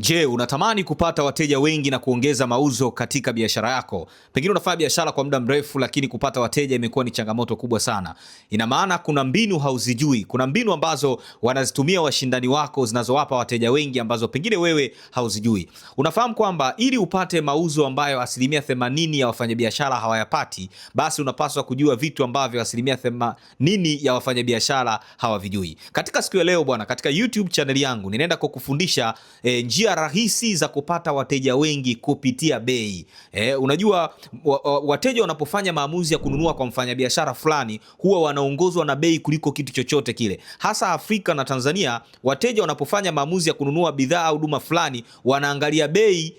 Je, unatamani kupata wateja wengi na kuongeza mauzo katika biashara yako? Pengine unafanya biashara kwa muda mrefu, lakini kupata wateja imekuwa ni changamoto kubwa sana. Ina maana kuna mbinu hauzijui, kuna mbinu ambazo wanazitumia washindani wako zinazowapa wateja wengi ambazo pengine wewe hauzijui. Unafahamu kwamba ili upate mauzo ambayo asilimia themanini ya wafanyabiashara hawayapati, basi unapaswa kujua vitu ambavyo asilimia themanini ya wafanyabiashara hawavijui. Katika siku ya leo bwana, katika YouTube yangu ninaenda kukufundisha eh, njia njia rahisi za kupata wateja wengi kupitia bei. E, unajua wa, wa, wateja wanapofanya maamuzi ya kununua kwa mfanyabiashara fulani huwa wanaongozwa na bei kuliko kitu chochote kile, hasa Afrika na Tanzania. Wateja wanapofanya maamuzi ya kununua bidhaa au huduma fulani wanaangalia bei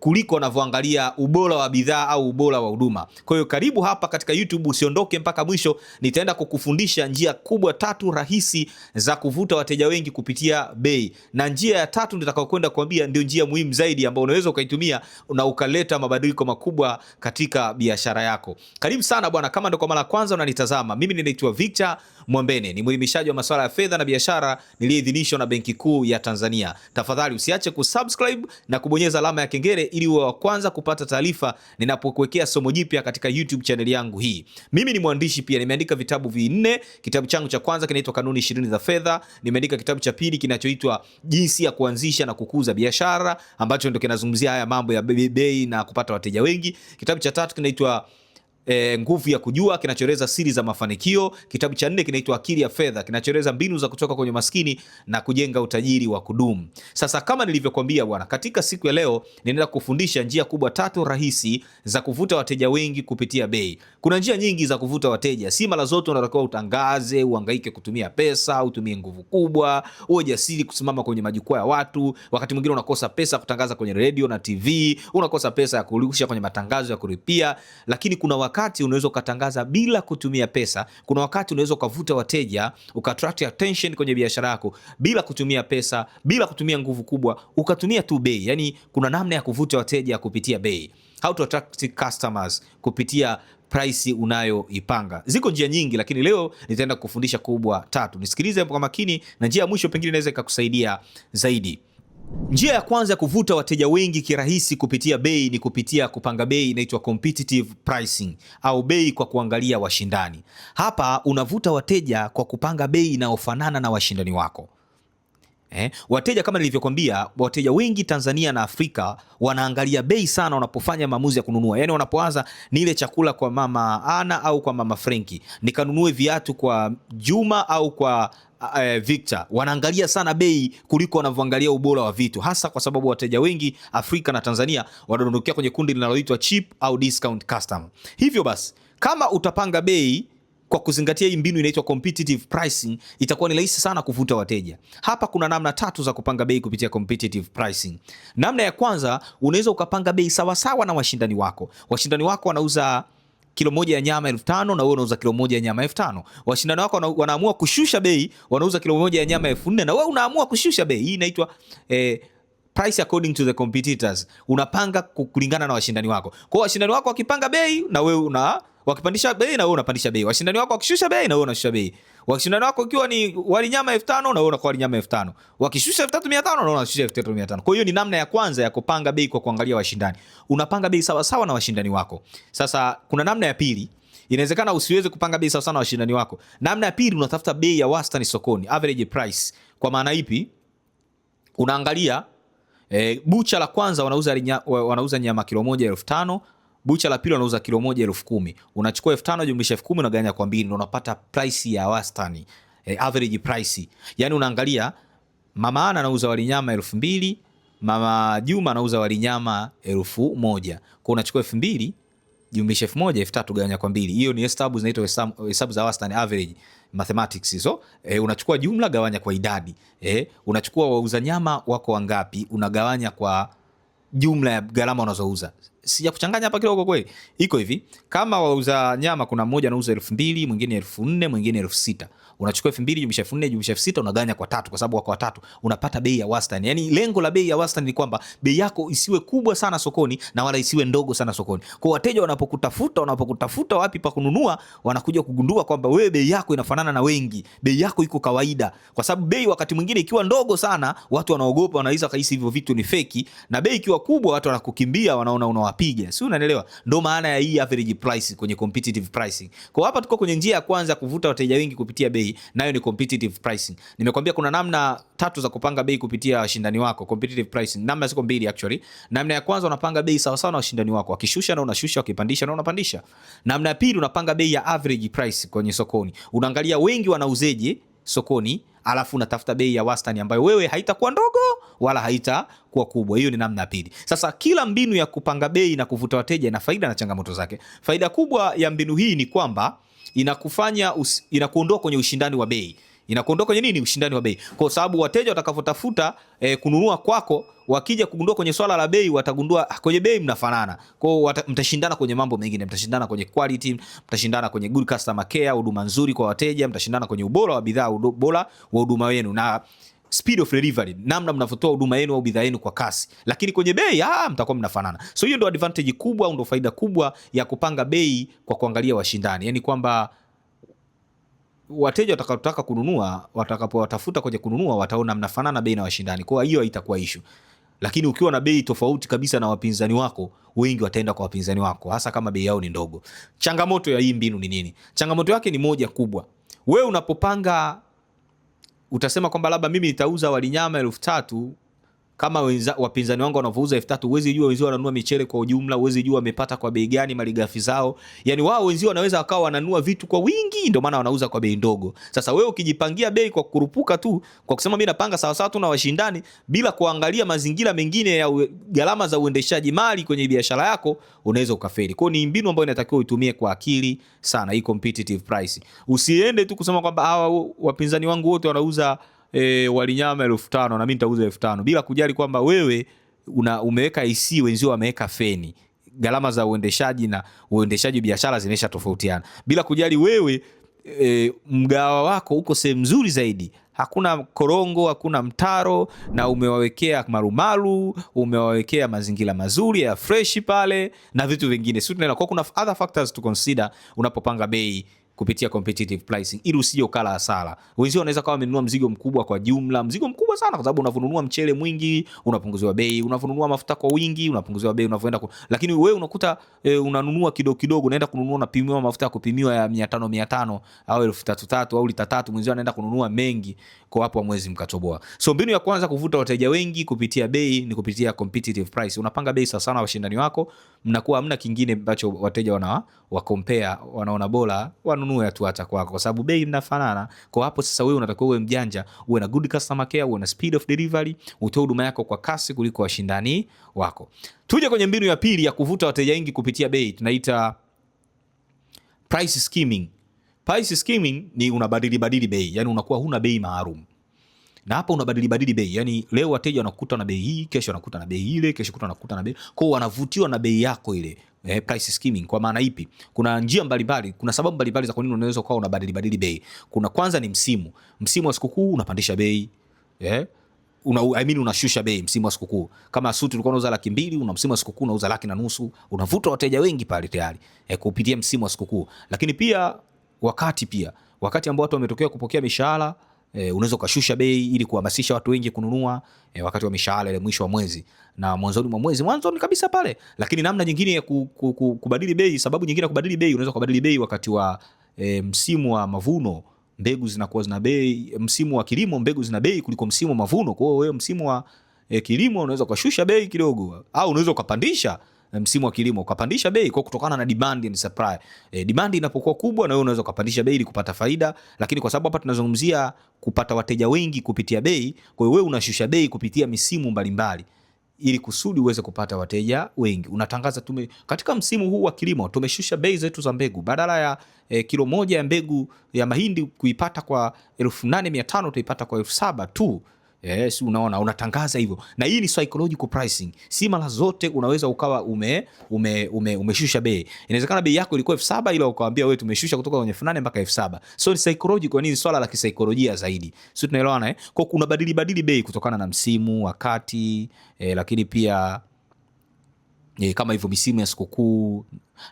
kuliko wanavyoangalia ubora wa bidhaa au ubora wa huduma. Kwa hiyo karibu hapa katika YouTube, usiondoke mpaka mwisho. Nitaenda kukufundisha njia kubwa tatu rahisi za kuvuta wateja wengi kupitia bei, na njia ya tatu nitakayokwenda kuambia ndio njia muhimu zaidi ambayo unaweza ukaitumia na ukaleta mabadiliko makubwa katika biashara yako. Karibu sana bwana, kama ndio kwa mara kwanza unanitazama, mimi ninaitwa Victor Mwambene, ni mwelimishaji wa masuala ya fedha na biashara niliyeidhinishwa na Benki Kuu ya Tanzania. Tafadhali usiache kusubscribe na kubonyeza alama ya kengele ili uwe wa kwanza kupata taarifa ninapokuwekea somo jipya katika YouTube channel yangu hii. Mimi ni mwandishi pia, nimeandika vitabu vinne. Kitabu changu cha kwanza kinaitwa Kanuni 20 za Fedha, nimeandika kitabu cha pili kinachoitwa Jinsi ya Kuanzisha na Kukuza Biashara ambacho ndio kinazungumzia haya mambo ya bei na kupata wateja wengi. Kitabu cha tatu kinaitwa E, nguvu ya kujua kinachoeleza siri za mafanikio. Kitabu cha nne kinaitwa Akili ya Fedha, kinachoeleza mbinu za kutoka kwenye maskini na kujenga utajiri wa kudumu. Sasa kama nilivyokuambia bwana, katika siku ya leo ninaenda kufundisha njia kubwa tatu rahisi za kuvuta wateja wengi kupitia bei. Kuna njia nyingi za kuvuta wateja, si mara zote unatakiwa utangaze, uhangaike kutumia pesa, utumie nguvu kubwa, uwe jasiri kusimama kwenye majukwaa ya watu. Wakati mwingine unakosa pesa kutangaza kwenye redio na TV, unakosa pesa ya kurusha kwenye matangazo ya kulipia, lakini kuna wakati unaweza ukatangaza bila kutumia pesa, kuna wakati unaweza ukavuta wateja uka attention kwenye biashara yako bila kutumia pesa, bila kutumia nguvu kubwa, ukatumia tu bei. Yani kuna namna ya kuvuta wateja kupitia bei. How to attract customers kupitia price unayoipanga. Ziko njia nyingi, lakini leo nitaenda kufundisha kubwa tatu. Nisikilize kwa makini, na njia ya mwisho pengine inaweza ikakusaidia zaidi. Njia ya kwanza ya kuvuta wateja wengi kirahisi kupitia bei ni kupitia kupanga bei inaitwa competitive pricing au bei kwa kuangalia washindani. Hapa unavuta wateja kwa kupanga bei inayofanana na washindani wako. Eh, wateja kama nilivyokwambia, wateja wengi Tanzania na Afrika wanaangalia bei sana wanapofanya maamuzi ya kununua. Yaani wanapoanza ni ile chakula kwa mama Ana au kwa mama Frenki, nikanunue viatu kwa Juma au kwa uh, Victor, wanaangalia sana bei kuliko wanavyoangalia ubora wa vitu, hasa kwa sababu wateja wengi Afrika na Tanzania wanadondokea kwenye kundi linaloitwa cheap au discount custom. Hivyo basi kama utapanga bei kwa kuzingatia hii mbinu inaitwa competitive pricing, itakuwa ni rahisi sana kuvuta wateja. Hapa kuna namna tatu za kupanga bei kupitia competitive pricing. Namna ya kwanza, unaweza ukapanga bei sawasawa na washindani wako. Washindani wako wanauza kilo moja ya nyama elfu tano na wewe unauza kilo moja ya nyama elfu tano Washindani wako wanaamua kushusha bei, wanauza kilo moja ya nyama elfu nne na wewe unaamua kushusha bei. Hii inaitwa eh, price according to the competitors. Unapanga kulingana na washindani wako. Kwa hiyo washindani wako wakipanga bei na wewe una wakipandisha bei na wewe unapandisha bei. Washindani wako wakishusha bei na wewe unashusha bei. Wakishindana wako ikiwa ni wali nyama 5000 na wewe unakuwa wali nyama 5000. Wakishusha 3500 na unashusha 3500. Kwa hiyo ni namna ya kwanza ya kupanga bei kwa kuangalia washindani. Unapanga bei sawa sawa na washindani wako. Sasa kuna namna ya pili. Inawezekana usiweze kupanga bei sawa sawa na washindani wako. Namna ya pili unatafuta bei ya wastani sokoni, average price. Kwa maana ipi? Unaangalia e, bucha la kwanza wanauza wanauza nyama kilo moja elfu tano bucha la pili wanauza kilo moja elfu kumi unachukua elfu tano jumlisha elfu kumi unaganya kwa mbili, unapata price ya wastani eh, average price. Yani unaangalia mama ana anauza wali nyama elfu mbili mama Juma anauza wali nyama elfu moja kwa unachukua elfu mbili jumlisha elfu moja elfu tatu gawanya kwa mbili. Hiyo ni hesabu zinaitwa hesabu za wastani average mathematics hizo. E, eh, unachukua jumla gawanya kwa idadi e, unachukua wauza nyama wako wangapi unagawanya kwa jumla ya gharama unazouza sijakuchanganya hapa kidogo kweli. Iko hivi, kama wauza nyama kuna mmoja anauza elfu mbili mwingine elfu nne mwingine elfu sita unachukua elfu mbili jumlisha elfu nne jumlisha elfu sita unaganya kwa tatu, kwa sababu wako watatu, unapata bei ya wastani. Yani lengo la bei ya wastani ni kwamba bei yako isiwe kubwa sana sokoni na wala isiwe ndogo sana sokoni, kwa wateja wanapokutafuta, wanapokutafuta wapi pa kununua, wanakuja kugundua kwamba wewe bei yako inafanana na wengi, bei yako iko kawaida, kwa sababu bei wakati mwingine ikiwa ndogo sana watu wanaogopa, wanaweza kahisi hivyo vitu ni feki, na bei ikiwa kubwa watu wanakukimbia, wanaona una anawapiga, si unanielewa? Ndo maana ya hii average price kwenye competitive pricing. Kwa hapa tuko kwenye njia ya kwanza kuvuta wateja wengi kupitia bei, nayo ni competitive pricing. Nimekwambia kuna namna tatu za kupanga bei kupitia washindani wako, competitive pricing. Namna ziko mbili actually. Namna ya kwanza unapanga bei sawa sawa na washindani wako, akishusha na unashusha, akipandisha na unapandisha. Namna ya pili unapanga bei ya average price kwenye sokoni, unaangalia wengi wanauzeje sokoni, alafu unatafuta bei ya wastani ambayo wewe haitakuwa ndogo wala haitakuwa kubwa. Hiyo ni namna pili. Sasa kila mbinu ya kupanga bei na kuvuta wateja ina faida na changamoto zake. Faida kubwa ya mbinu hii ni kwamba inakufanya inakuondoa kwenye ushindani wa bei inakuondoa kwenye nini? Ushindani wa bei, kwa sababu wateja watakavotafuta e, eh, kununua kwako, wakija kugundua kwenye swala la bei, watagundua ah, kwenye bei mnafanana kwao, mtashindana kwenye mambo mengine, mtashindana kwenye quality, mtashindana kwenye good customer care, huduma nzuri kwa wateja, mtashindana kwenye ubora wa bidhaa, ubora wa huduma yenu na speed of delivery, namna mnavyotoa huduma yenu au bidhaa yenu kwa kasi, lakini kwenye bei ah, mtakuwa mnafanana. So hiyo ndo advantage kubwa au ndo faida kubwa ya kupanga bei kwa kuangalia washindani, yani kwamba wateja watakaotaka kununua watakapowatafuta kwenye kununua wataona mnafanana bei na washindani, kwa hiyo haitakuwa ishu. Lakini ukiwa na bei tofauti kabisa na wapinzani wako, wengi wataenda kwa wapinzani wako, hasa kama bei yao ni ndogo. Changamoto ya hii mbinu ni nini? Changamoto yake ni moja kubwa, wewe unapopanga utasema kwamba labda mimi nitauza wali nyama elfu tatu kama wenza, wapinzani wangu wanavyouza elfu tatu huwezi jua wenzio wananua michele kwa ujumla, huwezi jua wamepata kwa bei gani malighafi zao. Yani wao wenzio wanaweza wakawa wananua vitu kwa wingi, ndio maana wanauza kwa bei ndogo. Sasa wewe ukijipangia bei kwa kurupuka tu, kwa kusema mimi napanga sawa sawa tu na washindani, bila kuangalia mazingira mengine ya gharama za uendeshaji mali kwenye biashara yako, unaweza ukafeli. Kwa hiyo ni mbinu ambayo inatakiwa uitumie kwa akili sana, hii competitive price. Usiende tu kusema kwamba hawa wapinzani wangu wote wanauza e, walinyama elfu tano na mi nitauza elfu tano bila kujali kwamba wewe una, umeweka ic wenzio wameweka feni gharama za uendeshaji na uendeshaji biashara zimesha tofautiana, bila kujali wewe e, mgawa wako uko sehemu nzuri zaidi, hakuna korongo, hakuna mtaro, na umewawekea marumaru, umewawekea mazingira mazuri ya freshi pale na vitu vingine, si tunaenda kwa kuna other factors to consider unapopanga bei kupitia competitive pricing ili usije ukala hasara. Wenzio wanaweza kawa wamenunua mzigo mkubwa kwa jumla, mzigo mkubwa sana, kwa sababu unavununua mchele mwingi unapunguziwa bei, unavununua mafuta kwa wingi unapunguziwa bei unavyoenda ku... lakini wewe unakuta e, unanunua kidogo kidogo, unaenda kununua unapimiwa mafuta ya kupimiwa ya 500 500 au 3000 au lita tatu, mwenzio anaenda kununua mengi kwa hapo mwezi mkatoboa. So mbinu ya kwanza kuvuta wateja wengi kupitia bei ni kupitia competitive price. Unapanga bei sawa sana washindani wako, mnakuwa hamna kingine ambacho wateja wana wa compare wanaona bora wanunue unanunua tu hata kwako, kwa sababu bei mnafanana. Kwa hapo sasa, wewe unatakiwa uwe mjanja, uwe na good customer care, uwe na speed of delivery, utoe huduma yako kwa kasi kuliko washindani wako. Tuje kwenye mbinu ya pili ya kuvuta wateja wengi kupitia bei, tunaita price skimming. Price skimming ni unabadili badili bei, yani unakuwa huna bei maalum na hapa unabadili badili bei, yani leo wateja wanakuta na bei hii, kesho wanakuta na bei ile, kesho kuta wanakuta na bei kwao, wanavutiwa na bei yako ile. Eh, price skimming kwa maana ipi? Kuna njia mbalimbali, kuna sababu mbalimbali za kwa nini unaweza ukawa unabadili badili bei. Kuna kwanza ni msimu, msimu wa sikukuu unapandisha bei eh? Una, I mean, unashusha bei msimu wa sikukuu. Kama suti ulikuwa unauza laki mbili, una msimu wa sikukuu unauza laki na nusu, unavuta wateja wengi pale tayari eh, kupitia msimu wa sikukuu. Lakini pia wakati pia wakati ambao watu wametokea kupokea mishahara E, unaweza ukashusha bei ili kuhamasisha watu wengi kununua e, wakati wa mishahara ile mwisho wa mwezi na mwanzoni mwa mwezi mwanzoni kabisa pale. Lakini namna nyingine ya ku, ku, ku, kubadili bei, sababu nyingine ya kubadili bei, unaweza kubadili bei wakati wa e, msimu wa mavuno, mbegu zinakuwa zina bei. Msimu wa kilimo mbegu zina bei kuliko msimu wa mavuno. Kwa hiyo wewe msimu wa e, kilimo unaweza ukashusha bei kidogo, au unaweza ukapandisha msimu wa kilimo ukapandisha bei kwa kutokana na demand and supply. Eh, demand inapokuwa kubwa na wewe unaweza ukapandisha bei ili kupata faida, lakini kwa sababu hapa tunazungumzia kupata wateja wengi kupitia bei, kwa hiyo wewe unashusha bei kupitia misimu mbalimbali ili kusudi uweze kupata wateja wengi. Unatangaza tume, katika msimu huu wa kilimo tumeshusha bei zetu za mbegu, badala ya eh, kilo moja ya mbegu ya mahindi kuipata kwa 8500 utaipata kwa 7000 tu. Yes, eh, unaona unatangaza hivyo, na hii ni psychological pricing. Si mara zote unaweza ukawa ume, ume, ume, umeshusha bei. Inawezekana bei yako ilikuwa elfu saba ila ukawaambia wewe tumeshusha kutoka kwenye elfu nane mpaka elfu saba So ni psychological, ni swala la kisaikolojia zaidi, sio? Tunaelewana eh? Kwa kuna badili badili bei kutokana na msimu, wakati eh, lakini pia eh, kama hivyo misimu ya sikukuu,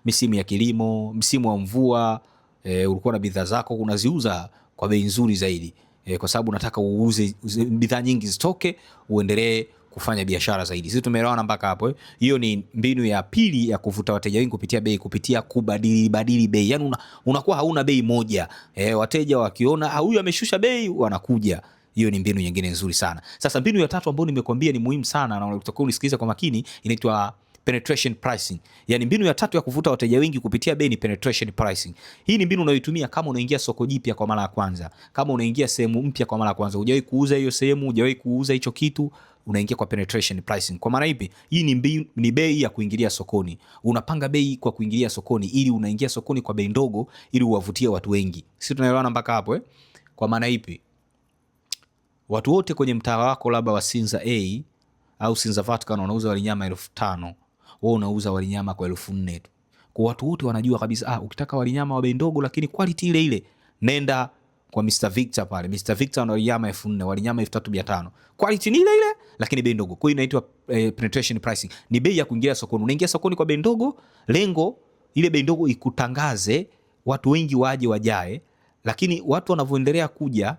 misimu ya kilimo, msimu wa mvua eh, ulikuwa na bidhaa zako unaziuza kwa bei nzuri zaidi e, kwa sababu nataka uuze bidhaa nyingi zitoke, uendelee kufanya biashara zaidi. Sisi tumeelewana mpaka hapo. Eh? Hiyo ni mbinu ya pili ya kuvuta wateja wengi kupitia bei, kupitia kubadili badili bei. Yani una, unakuwa hauna bei moja e, wateja wakiona ah, huyu ameshusha bei wanakuja. Hiyo ni mbinu nyingine nzuri sana. Sasa mbinu ya tatu ambayo nimekuambia ni muhimu sana na unatakiwa unisikiliza kwa makini, inaitwa penetration pricing. Yani mbinu ya tatu ya kuvuta wateja wengi kupitia bei ni penetration pricing. Hii ni mbinu unayoitumia kama unaingia soko jipya kwa mara ya kwanza, kama unaingia sehemu mpya kwa mara ya kwanza, hujawahi kuuza hiyo sehemu, hujawahi kuuza hicho kitu, unaingia kwa penetration pricing. Kwa maana ipi? Hii ni mbi, ni bei ya kuingilia sokoni. Unapanga bei kwa kuingilia sokoni, ili unaingia sokoni kwa bei ndogo, ili uwavutie watu wengi. Sisi tunaelewana mpaka hapo eh? Kwa maana ipi? Watu wote kwenye mtaa wako labda wa Sinza A au Sinza Vatican wanauza wali nyama elfu tano wewe unauza walinyama kwa elfu nne tu. Kwa watu wote wanajua kabisa, ah, ukitaka walinyama wa bei ndogo lakini quality ile ile, nenda kwa Mr Victor pale. Mr Victor ana walinyama elfu nne, walinyama elfu tatu mia tano. Quality ni ile ile lakini bei ndogo. Kwa hiyo inaitwa eh, penetration pricing. Ni bei ya kuingia sokoni. Unaingia sokoni kwa bei ndogo, lengo ile bei ndogo ikutangaze, watu wengi waje wajae, lakini watu wanavyoendelea kuja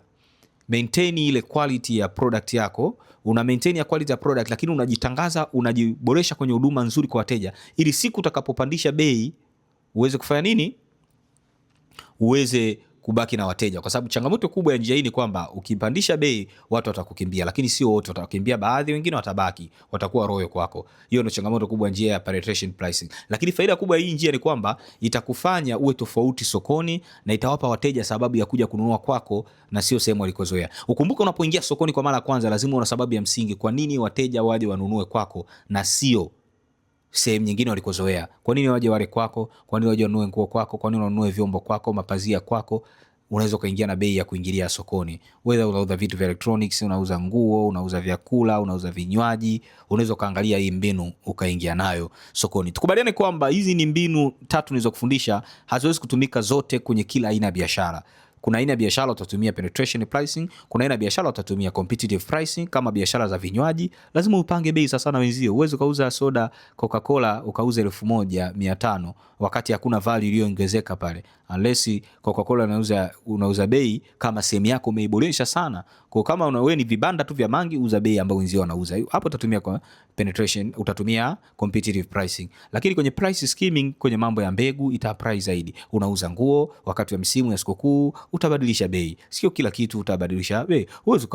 maintain ile quality ya product yako, una maintain ya quality ya product, lakini unajitangaza, unajiboresha kwenye huduma nzuri kwa wateja, ili siku utakapopandisha bei uweze kufanya nini, uweze kubaki na wateja, kwa sababu changamoto kubwa ya njia hii ni kwamba ukipandisha bei watu watakukimbia, lakini sio wote watakimbia, baadhi wengine watabaki, watakuwa royo kwako. Hiyo ndio changamoto kubwa njia ya penetration pricing, lakini faida kubwa hii njia ni kwamba itakufanya uwe tofauti sokoni na itawapa wateja sababu ya kuja kununua kwako na sio sehemu walikozoea. Ukumbuke unapoingia sokoni kwa mara ya kwanza, lazima una sababu ya msingi, kwa nini wateja waje wanunue kwako na sio sehemu nyingine walikozoea. Kwa nini waje wale kwako? Kwa nini waje wanunue nguo kwako? Kwa nini wanunue vyombo kwako, mapazia kwako? Unaweza ukaingia na bei ya kuingilia sokoni, wedha unauza vitu vya electronics, unauza nguo, unauza vyakula, unauza vinywaji. Unaweza ukaangalia hii mbinu ukaingia nayo sokoni. Tukubaliane kwamba hizi ni mbinu tatu nilizokufundisha, haziwezi kutumika zote kwenye kila aina ya biashara. Kuna aina ya biashara utatumia penetration pricing, kuna aina ya biashara utatumia competitive pricing. Kama biashara za vinywaji, lazima upange bei sasa na wenzio. Uweze ukauza soda Coca-Cola ukauza elfu moja mia tano wakati hakuna value iliyoongezeka pale unless Coca-Cola unauza, unauza bei kama sehemu yako umeiboresha sana. Kwa kama una wewe ni vibanda tu vya mangi, uza bei ambayo wenzio wanauza. Hapo utatumia kwa penetration, utatumia competitive pricing. Lakini kwenye price skimming, kwenye mambo ya mbegu ita price zaidi. Unauza nguo wakati wa msimu ya sikukuu, utabadilisha bei. Sio kila kitu utabadilisha bei. Uwezo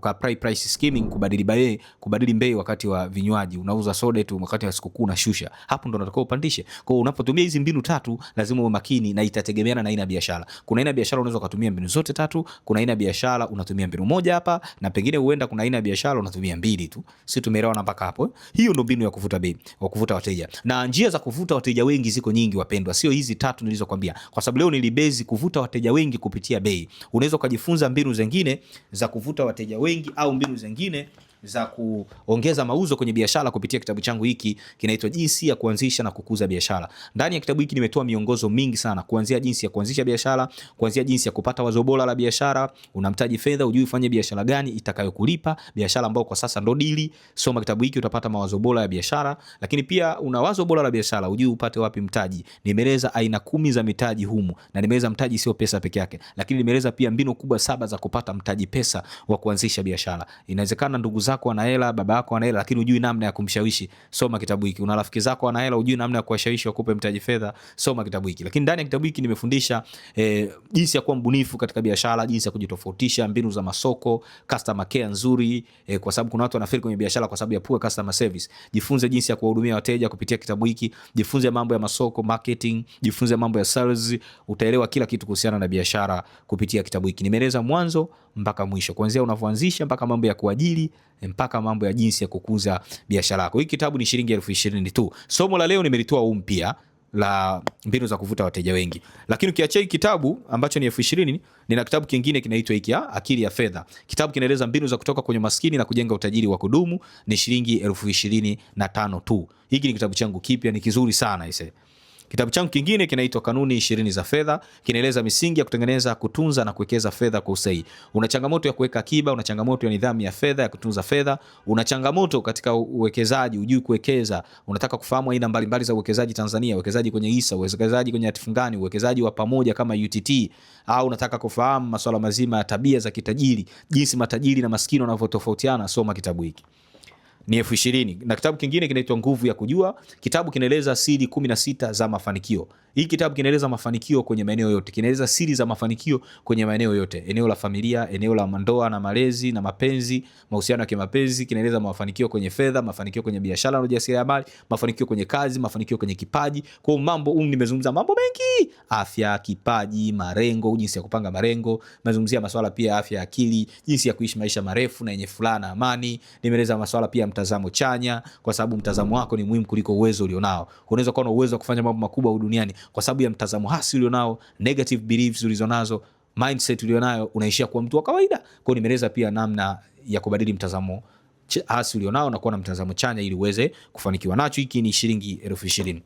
ka price skimming, kubadili bei, kubadili bei wakati wa vinywaji. Unauza soda tu wakati wa sikukuu unashusha. Hapo ndo unatakiwa upandishe. Kwa unapotumia hizi mbinu tatu lazima uwe makini na itategemea inategemeana na aina ya biashara. Kuna aina ya biashara unaweza kutumia mbinu zote tatu, kuna aina ya biashara unatumia mbinu moja hapa, na pengine huenda kuna aina ya biashara unatumia mbili tu. Sisi tumeelewana mpaka hapo. Eh? Hiyo ndio mbinu ya kuvuta bei, wa kuvuta wateja. Na njia za kuvuta wateja wengi ziko nyingi wapendwa, sio hizi tatu nilizokwambia. Kwa sababu leo nilibezi kuvuta wateja wengi kupitia bei. Unaweza ukajifunza mbinu zingine za kuvuta wateja wengi au mbinu zingine za kuongeza mauzo kwenye biashara kupitia kitabu changu hiki kinaitwa Jinsi ya Kuanzisha na Kukuza Biashara. Ndani ya kitabu hiki nimetoa miongozo mingi sana, kuanzia jinsi ya kuanzisha biashara, kuanzia jinsi ya kupata wazo bora la biashara, unamtaji fedha, ujui ufanye biashara gani itakayokulipa, biashara ambayo kwa sasa ndo dili. Soma kitabu hiki utapata mawazo bora ya biashara, lakini pia una wazo bora la biashara, ujui upate wapi mtaji. Nimeeleza aina kumi za mitaji humu na nimeeleza mtaji sio pesa peke yake, lakini nimeeleza pia mbinu kubwa saba za kupata mtaji pesa wa kuanzisha biashara. Inawezekana ndugu zangu zako ana hela, baba yako ana hela, lakini hujui namna ya kumshawishi, soma kitabu hiki. Una rafiki zako ana hela, hujui namna ya kuwashawishi wakupe mtaji fedha, soma kitabu hiki. Lakini ndani ya kitabu hiki nimefundisha eh, jinsi ya kuwa mbunifu katika biashara, jinsi ya kujitofautisha, mbinu za masoko, customer care nzuri, eh, kwa sababu kuna watu wanafeli kwenye biashara kwa sababu ya poor customer service. Jifunze jinsi ya kuwahudumia wateja kupitia kitabu hiki, jifunze mambo ya masoko, marketing, jifunze mambo ya sales, utaelewa kila kitu kuhusiana na biashara kupitia kitabu hiki. Nimeeleza mwanzo mpaka mwisho, kuanzia unavyoanzisha mpaka mambo ya kuajiri mpaka mambo ya jinsi ya kukuza biashara yako. Hii kitabu ni shilingi elfu ishirini tu. Somo la leo nimelitoa mpya la mbinu za kuvuta wateja wengi, lakini ukiachia hii kitabu ambacho ni elfu ishirini nina kitabu kingine kinaitwa hiki akili ya fedha. Kitabu kinaeleza mbinu za kutoka kwenye maskini na kujenga utajiri wa kudumu, ni shilingi elfu ishirini na tano tu. Hiki ni kitabu changu kipya, ni kizuri sana ise Kitabu changu kingine kinaitwa Kanuni Ishirini za Fedha, kinaeleza misingi ya kutengeneza, kutunza na kuwekeza fedha kwa usahihi. Una changamoto ya kuweka akiba, una changamoto ya nidhamu ya fedha, ya kutunza fedha, una changamoto katika uwekezaji, ujui kuwekeza, unataka kufahamu aina mbalimbali za uwekezaji Tanzania, uwekezaji kwenye hisa, uwekezaji kwenye hatifungani, uwekezaji wa pamoja kama UTT, au unataka kufahamu masuala mazima ya tabia za kitajiri, jinsi matajiri na maskini wanavyotofautiana, soma kitabu hiki ni elfu ishirini na kitabu kingine kinaitwa Nguvu ya Kujua. Kitabu kinaeleza siri kumi na sita za mafanikio. Hii kitabu kinaeleza mafanikio kwenye maeneo yote, kinaeleza siri za mafanikio kwenye maeneo yote, eneo la familia, eneo la ndoa na malezi na mapenzi, mahusiano ya kimapenzi. Kinaeleza mafanikio kwenye fedha, mafanikio kwenye biashara na ujasiriamali, mafanikio kwenye kazi, mafanikio kwenye kipaji. Kwa mambo um, nimezungumza mambo mengi, afya, kipaji, marengo, jinsi ya kupanga marengo. Nimezungumzia maswala pia afya ya akili, jinsi ya kuishi maisha marefu na yenye furaha na amani. Nimeeleza maswala pia mtazamo chanya, kwa sababu mtazamo wako ni muhimu kuliko uwezo ulionao. Unaweza kuwa na uwezo wa kufanya mambo makubwa duniani, kwa sababu ya mtazamo hasi ulionao, negative beliefs ulizonazo, mindset ulionayo, unaishia kuwa mtu wa kawaida. Kwao nimeeleza pia namna ya kubadili mtazamo hasi ulionao na kuwa na mtazamo chanya ili uweze kufanikiwa nacho. Hiki ni shilingi elfu ishirini.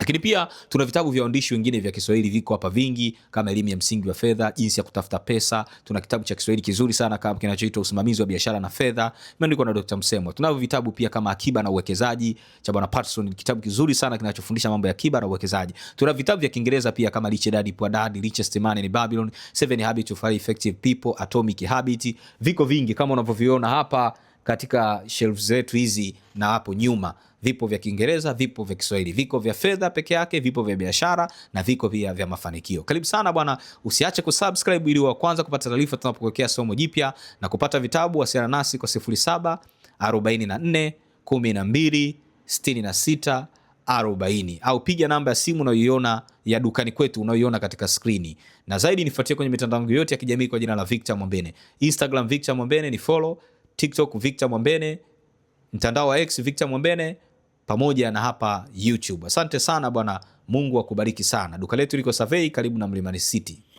Lakini pia tuna vitabu vya waandishi wengine vya Kiswahili viko hapa vingi, kama elimu ya msingi wa fedha, jinsi ya kutafuta pesa. Tuna kitabu cha Kiswahili kizuri sana kama kinachoitwa usimamizi wa biashara na fedha, imeandikwa na Dr. Msemwa. Tunavyo vitabu pia kama akiba na uwekezaji cha Bwana Patterson, kitabu kizuri sana kinachofundisha mambo ya akiba na uwekezaji. Tuna vitabu vya Kiingereza pia kama Rich Dad Poor Dad, Richest Man in Babylon, Seven Habits of Highly Effective People, Atomic Habits. Viko vingi kama unavyoviona hapa katika shelf zetu hizi na hapo nyuma vipo vya Kiingereza, vipo vya Kiswahili, viko vya fedha peke yake, vipo vya biashara na viko pia vya mafanikio. Karibu sana bwana, usiache kusubscribe ili wa kwanza kupata taarifa tunapokuwekea somo jipya na kupata vitabu. Wasiliana nasi kwa 0744 44 12 66 40 au piga namba ya simu unayoiona ya dukani kwetu unayoiona katika skrini, na zaidi nifuatie kwenye mitandao yangu yote ya kijamii kwa jina la Victor Mwambene. Instagram Victor Mwambene, ni follow TikTok Victor Mwambene, mtandao wa X Victor Mwambene pamoja na hapa YouTube. Asante sana bwana, Mungu akubariki sana. Duka letu liko Survey karibu na Mlimani City.